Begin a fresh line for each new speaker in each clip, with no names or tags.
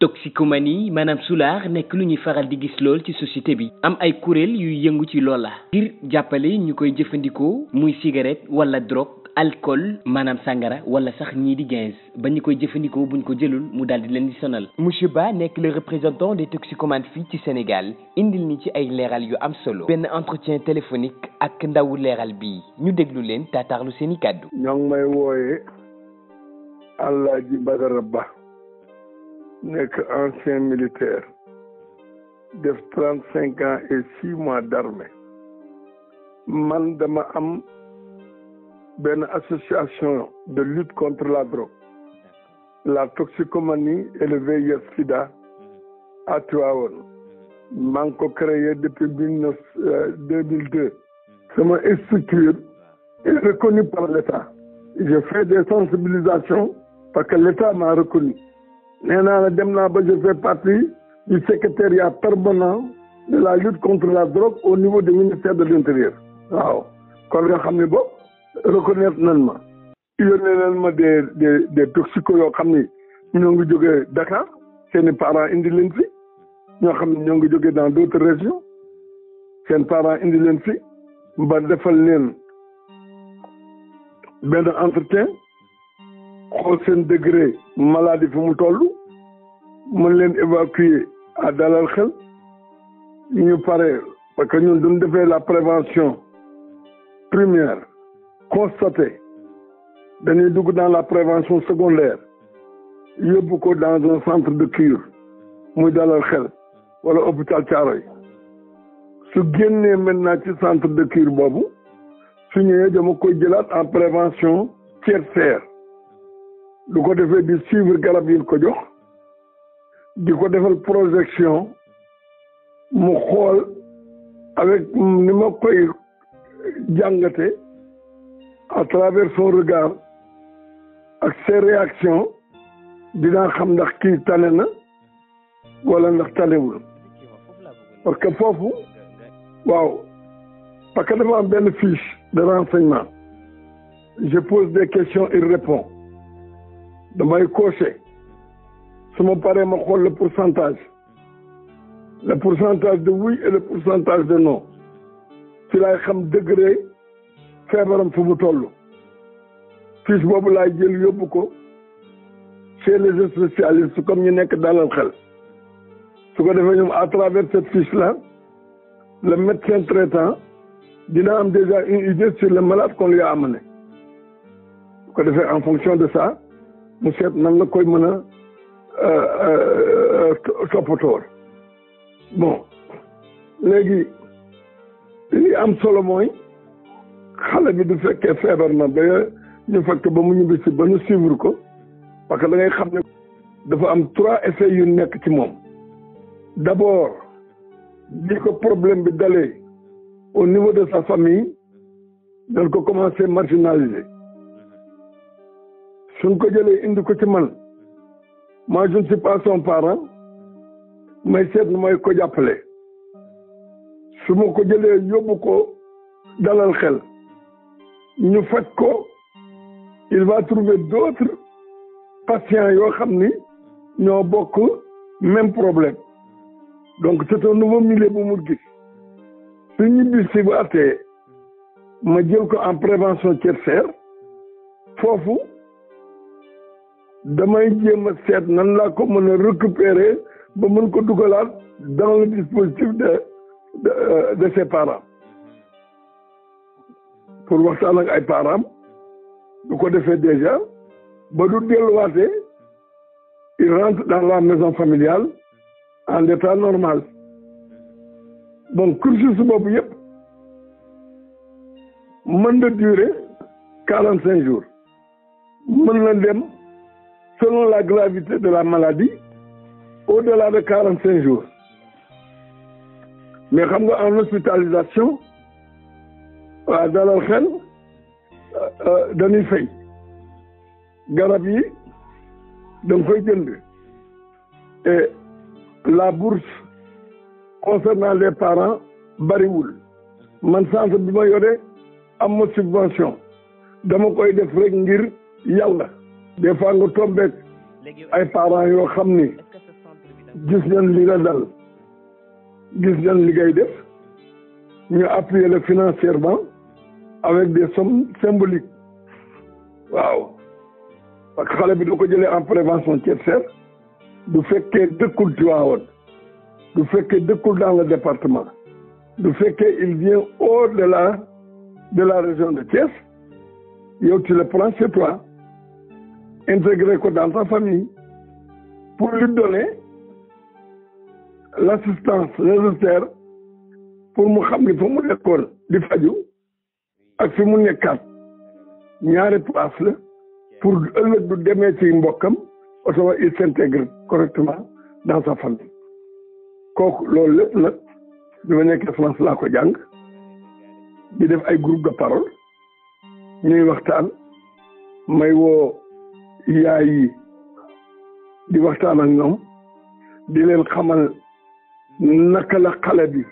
toxicomanie maanaam sulaar nekk lu ñuy faral di gis lool ci société bi am ay kuréel yuy yëngu ci loola ngir jàppale ñu koy jëfandikoo muy cigarette wala drogue alcool maanaam sàngara wala sax ñii di gaz ba ñu koy jëfandikoo buñ ko jëlul mu daal di leen di sonal. monsieur Ba nekk le représentant des toxicomanes fii ci Sénégal indil ni ci ay leeral yu am solo. benn entretien téléphonique ak ndawu leeral bii ñu déglu leen taataarlu seen i kàddu. ñoo ngi may wooyee Alaaji Badara Ba. nekk ancien militaire def trente cinq ans et six mois d'armée man dama am benn association de lutte contre la drogue la toxicomanie et le VIH sida à Tivaouane maa ngi ko créé depuis mille neuf euh, deux mille deux hmm. sama structure est reconnue par l'État j'ai fait des sensibilisations parce que l'État m'a reconnu nee naa la dem naa ba je fais partie du secrétariat permanent de la lutte contre la drogue au niveau du ministère de l'intérieur waaw kon nga xam ne bopp reconnaître nan ma yónnee nan ma des des des toxicos yoo xam ni ñoo ngi jógee Dakar seeni parents indi leen fi ñoo xam ne ñoo ngi jógee dans d'autres régions seen parents indi leen fi ba defal leen benn entretien xool seen degré maladie fi mu toll mën leen évacuer à dalal xel ñu pare parce que ñun duñ defee la prévention primaire constatée dañuy dugg dans la prévention secondaire yóbbu ko dans un centre de cure muy dalal xel wala hôpital Thiaroye su génnee maintenant ci centre de cure boobu su ñëwee dama koy jëlaat en prévention tertiaire lu ko defee di suivre garab yi ko jox di ko defal projection mu xool avec ni ma koy jàngate à travers son regard ak ses réactions dinaa xam ndax kii tane na wala ndax tanewul parce que foofu waaw parce que dafa benn fiche de renseignement je pose des questions il répond damay coché su ma paree ma xool le pourcentage le pourcentage de oui et le pourcentage de non ci laay xam degré feebaram fu mu toll fiche boobu laay jël yóbbu ko chez les spécialistes comme ñu nekk dalal xel su ko defee ñoom à travers cette fiche la le médecin traitant dina am déjà une idée sur le malade qu'on lui a ne su ko defee en fonction de ça mu seet nan la koy mën a euh, euh, euh, toppatoor bon léegi li am solo mooy xale bi du fekkee feebar na ba ñu fekk ba mu ñibbi ba ñu suivre ko parce que da ngay xam ne dafa am trois effet yu nekk ci moom d'abord di ko problème bi dalee au niveau de sa famille dañ ko commencé marginaliser suñ ko jëlee indi ko ci man moi je ne suis pas parent may seet nu may ko jàppale su ma ko jëlee yóbbu ko dalal xel ñu faj ko il va trouver d'autres patients yoo xam ni ñoo bokk même problème donc c'est un nouveau milieu bu mu gis su ñibbi si bu ma jël ko en prévention tertiaire foofu damay jéem a seet nan laa ko mën a récupérer ba mën ko dugalaat dans le dispositif de de euh, de ses parents pour waxtaan ak ay parents du ko defee déjà ba du delluwaatee il rentre dans la maison familiale en état normal bon cursus boobu yëpp mën na durer quarante cinq jours mën na dem. selon la gravité de la maladie au-delà de quarante cinq jours mais xam nga en hospitalisation waa ah, dalal xel ah, ah, dañuy fay garab yi da nga koy jënd et la bourse concernant les parents bariwul man centre bi ma yore am ma subvention dama koy def rek ngir yàlla des fois nga tombeek ay parents yoo xam ni gis nañ li la dal gis nañ li ngay def ñu appuyer le financièrement avec des sommes symboliques waaw que xale bi du ko jëlee en prévention tertiaire du fekkee dëkkul Tivaouane du fekkee dëkkul dans le département du fekkee il vient au de la région de Thiès yow tu le prends toi intégrer ko dans sa famille pour lui donner l'assistance nécessaire pour mu xam ni fa mu nekkoon di faju ak fi mu nekkaat ñaari place la pour ëllëg du demee ci mbokkam oto il s'intègre correctement dans sa famille kooku loolu lépp nag bi ma nekkee France laa ko jàng di def ay groupe de parole ñuy waxtaan may woo yaay yi di waxtaan ak ñoom di leen xamal naka la xale bi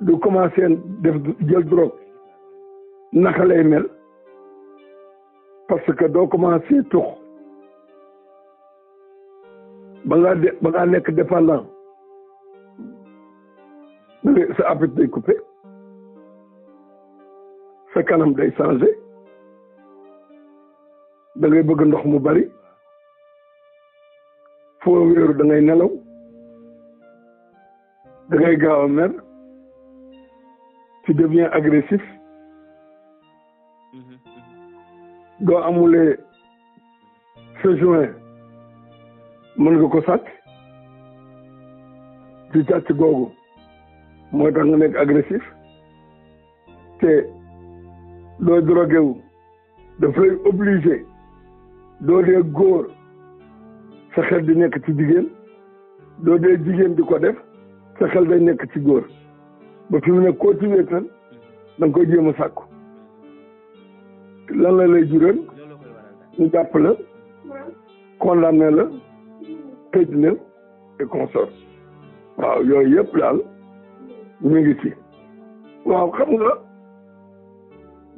du commencé def jël drogue naka lay mel parce que doo commencé tux ba ngaa de ba ngaa nekk dépendant sa appétit day coupé sa kanam day changé da ngay bëgg ndox mu bari foo wéeru da ngay nelaw da ngay gaaw a mer tu deviens agressif doo amulee sa joint mën nga ko sàcc ci càcc googu mooy tax nga nekk agressif te doo drogué wu daf doo dee góor sa xel di nekk ci jigéen doo dee jigéen di ko def sa xel day nekk ci góor ba fi mu ne koo ci wéetal koy jéem a sàkku lan la lay jural ñu jàpp la condamné la tëj la et consort waaw yooyu yëpp daal mu ngi ci waaw xam nga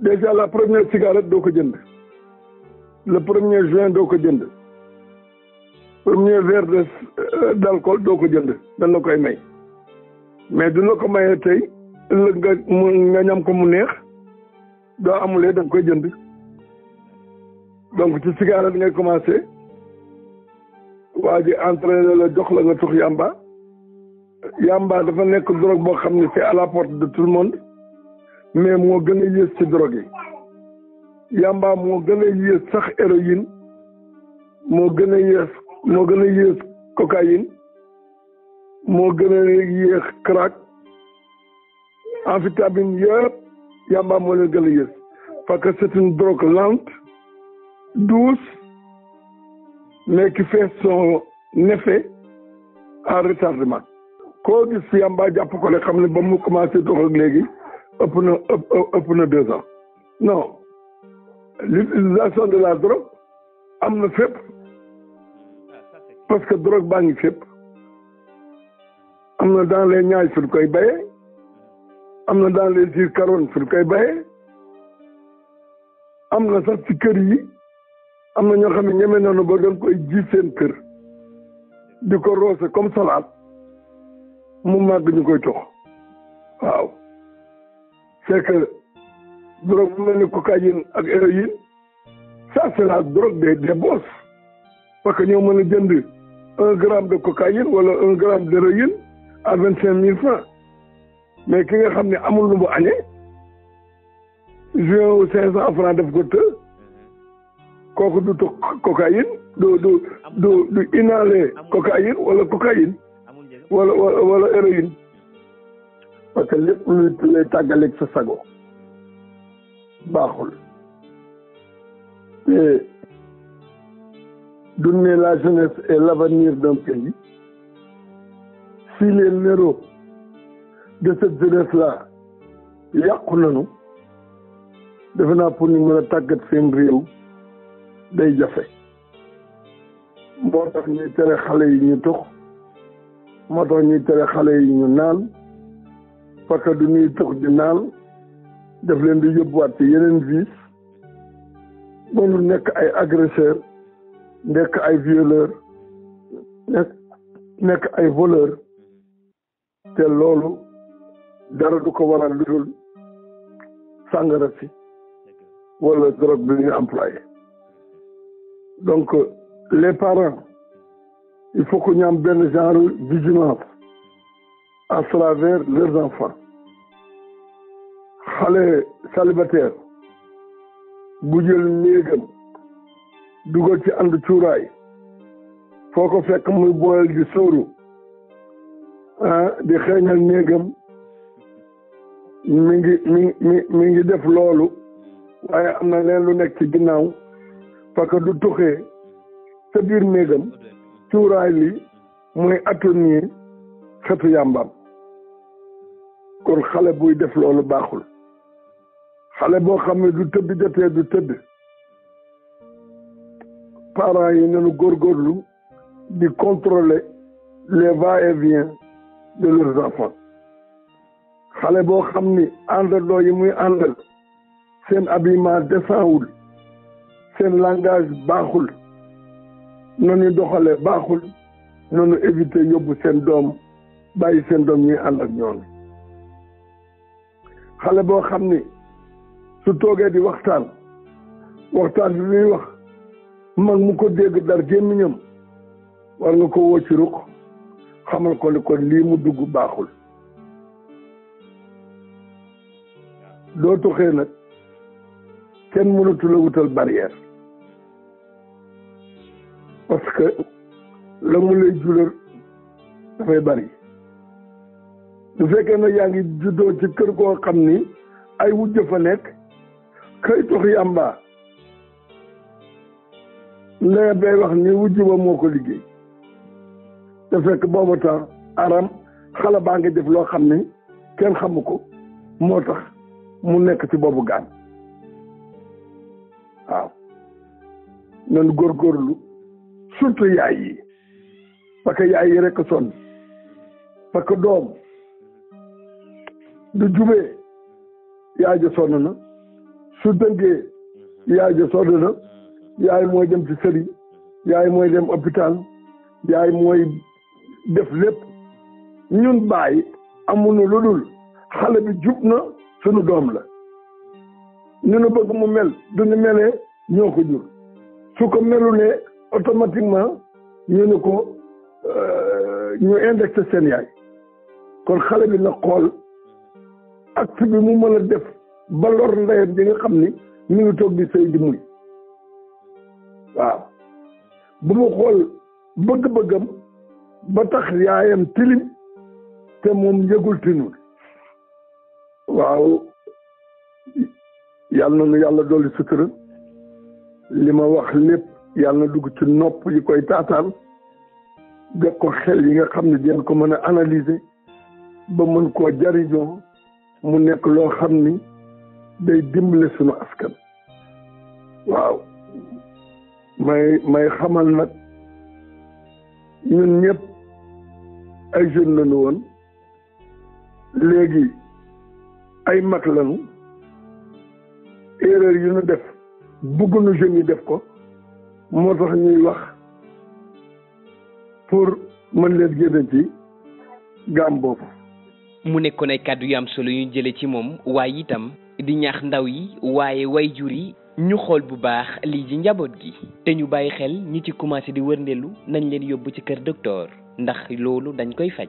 déjà la première cigarette doo ko jënd le premier juin doo ko jënd premier verre de euh, doo ko jënd dañ la koy may mais du la ko mayee tey ëllëg nga mu nga ñam ko mu neex doo amulee da nga koy jënd donc ci cigarette ngay commencé waa ji entraîné la jox la nga tux yamba yamba dafa nekk drogue boo xam ne c'est à la porte de tout le monde mais moo gën a yées ci drogue yi yamba moo gën a yées sax héroïne moo gën a yées moo gën a yées cocaïne moo gën a yées crack amphétamine yëpp yamba moo leen gën a yées parce que c'est une drogue lente douce mais qui fait son effet en retardement koo gis yamba jàpp ko le xam ne ba mu commencé dox ak léegi ëpp na ëpp na deux ans non l'utilisation de la drogue am na fépp parce que drogue baa ngi fépp am na dans les Niayes fu ñu koy bayee am na dans les îles Caroline fu ñu koy bayee am na sax ci kër yi am na ñoo xam ne ñeme nañu ba doon koy ji seen kër di ko roose comme salade mu màgg ñu koy tox waaw c'est drogue mu mel ni cocaïne ak héroïne ça c'est la drogue des boss parce que ñoo mën a jënd un gramme de cocaïne wala un gramme d'héroïne à vingt cinq mille francs mais ki nga xam ne amul lu mu añee juin wu cinq cent francs daf ko të kooku du toog cocaïne du du du du inhaler cocaïne wala cocaïne wala wala héroïne parce que lépp luy lay tàggaleeg sa sago baaxul te donner la jeunesse et l'avenir d'un pays si les néraux de cette jeunesse là yàqu nañu defe naa pour ñu mën a tàggat seen réew day jafe moo tax ñuy tere xale yi ñu tux moo tax ñuy tere xale yi ñu naan parce que du ñuy tux di naan daf leen di yóbbuwaat yeneen vice mënu nekk ay agresseur nekk ay violeur nekk nekk ay voleur te loolu dara du ko waral lu dul sàngara si wala drogue bi ñu employé donc les parents il faut que ñu benn genre vigilance à travers leurs enfants xale célibataire bu jël néegam dugal ci ànd cuuraay foo ko fekk muy boyal di sóoru ah, di xeeñal néegam mi ngi mi mi mi ngi def loolu waaye am na leen lu nekk ci ginnaaw parce que du tuxee sa biir néegam cuuraay li mooy atténuer xetu yàmbaam kon xale buy def loolu baaxul xale boo xam ne du tëdd jotee du tëdd parents yi nañu góorgóorlu di contrôler le va-et-vient de leurs enfants xale boo xam ni àndandoo yi muy àndal seen habillement décentwul seen langage baaxul nañu doxale baaxul nañu éviter yóbbu seen doom bàyyi seen doom ñuy ànd ak ñoom xale boo xam ni su toogee di waxtaan waxtaan bi muy wax man mu ko dégg dar gémmiñam war nga ko woo ci xamal ko ni kon lii mu dugg baaxul doo tuxee nag kenn mënatu la wutal barrière parce que la mu lay jural dafay bari bu fekkee nag yaa ngi juddoo ci kër koo xam ni ay wujj fa nekk kayitoxi amba la bay wax ni wujj ba moo ko liggéey te fekk booba temps aram xala baa ngi def loo xam ne kenn xamu ko moo tax mu nekk ci boobu gaan waaw nan góorgóorlu surtout yaay yi parce que yaay yi rekk sonn parce que doom du jubee yaay ja sonn na su dëngee mhm. yaay ja sodd na mhm. yaay mooy dem ci sëriñ yaay mooy dem hopital yaay mooy def lépp ñun bàyyi amuñu lu dul xale bi jub na suñu doom la ñu nu bëgg mu mel duñu melee ñoo ko jur su ko melulee automatiquement ñu ne ko euh, ñu indexé seen yaay kon xale bi na xool acte bi mu mën a def ba lor ndeyam ji nga xam ni mi ngi toog di sëy di muñ waaw bu mu xool bëgg-bëggam ba tax yaayam tilim te moom yëgul tinul waaw yàlla na nu yàlla dolli sutura li ma wax lépp yàlla na dugg ci nopp yi koy taataan ga ko xel yi nga xam ne dinañ ko mën a analyser ba mën koo jariñoo mu nekk loo xam ni day dimbale suñu askan waaw may may xamal nag ñun ñëpp ay jeunes lañu woon léegi ay mag lañu erreur yu ñu def bëgguñu jeunes yi def ko moo tax ñuy wax pour mën leen génne ci gaam boobu mu nekkoon ay kàddu yu am solo yu ñu jële ci moom waaye itam di ñax ndaw yi waaye wayjur yi ñu xool bu baax lii ji njaboot gi te ñu bàyyi xel ñi ci commencé di wërndelu nañ leen yóbbu ci kër doktoor ndax loolu dañ koy faj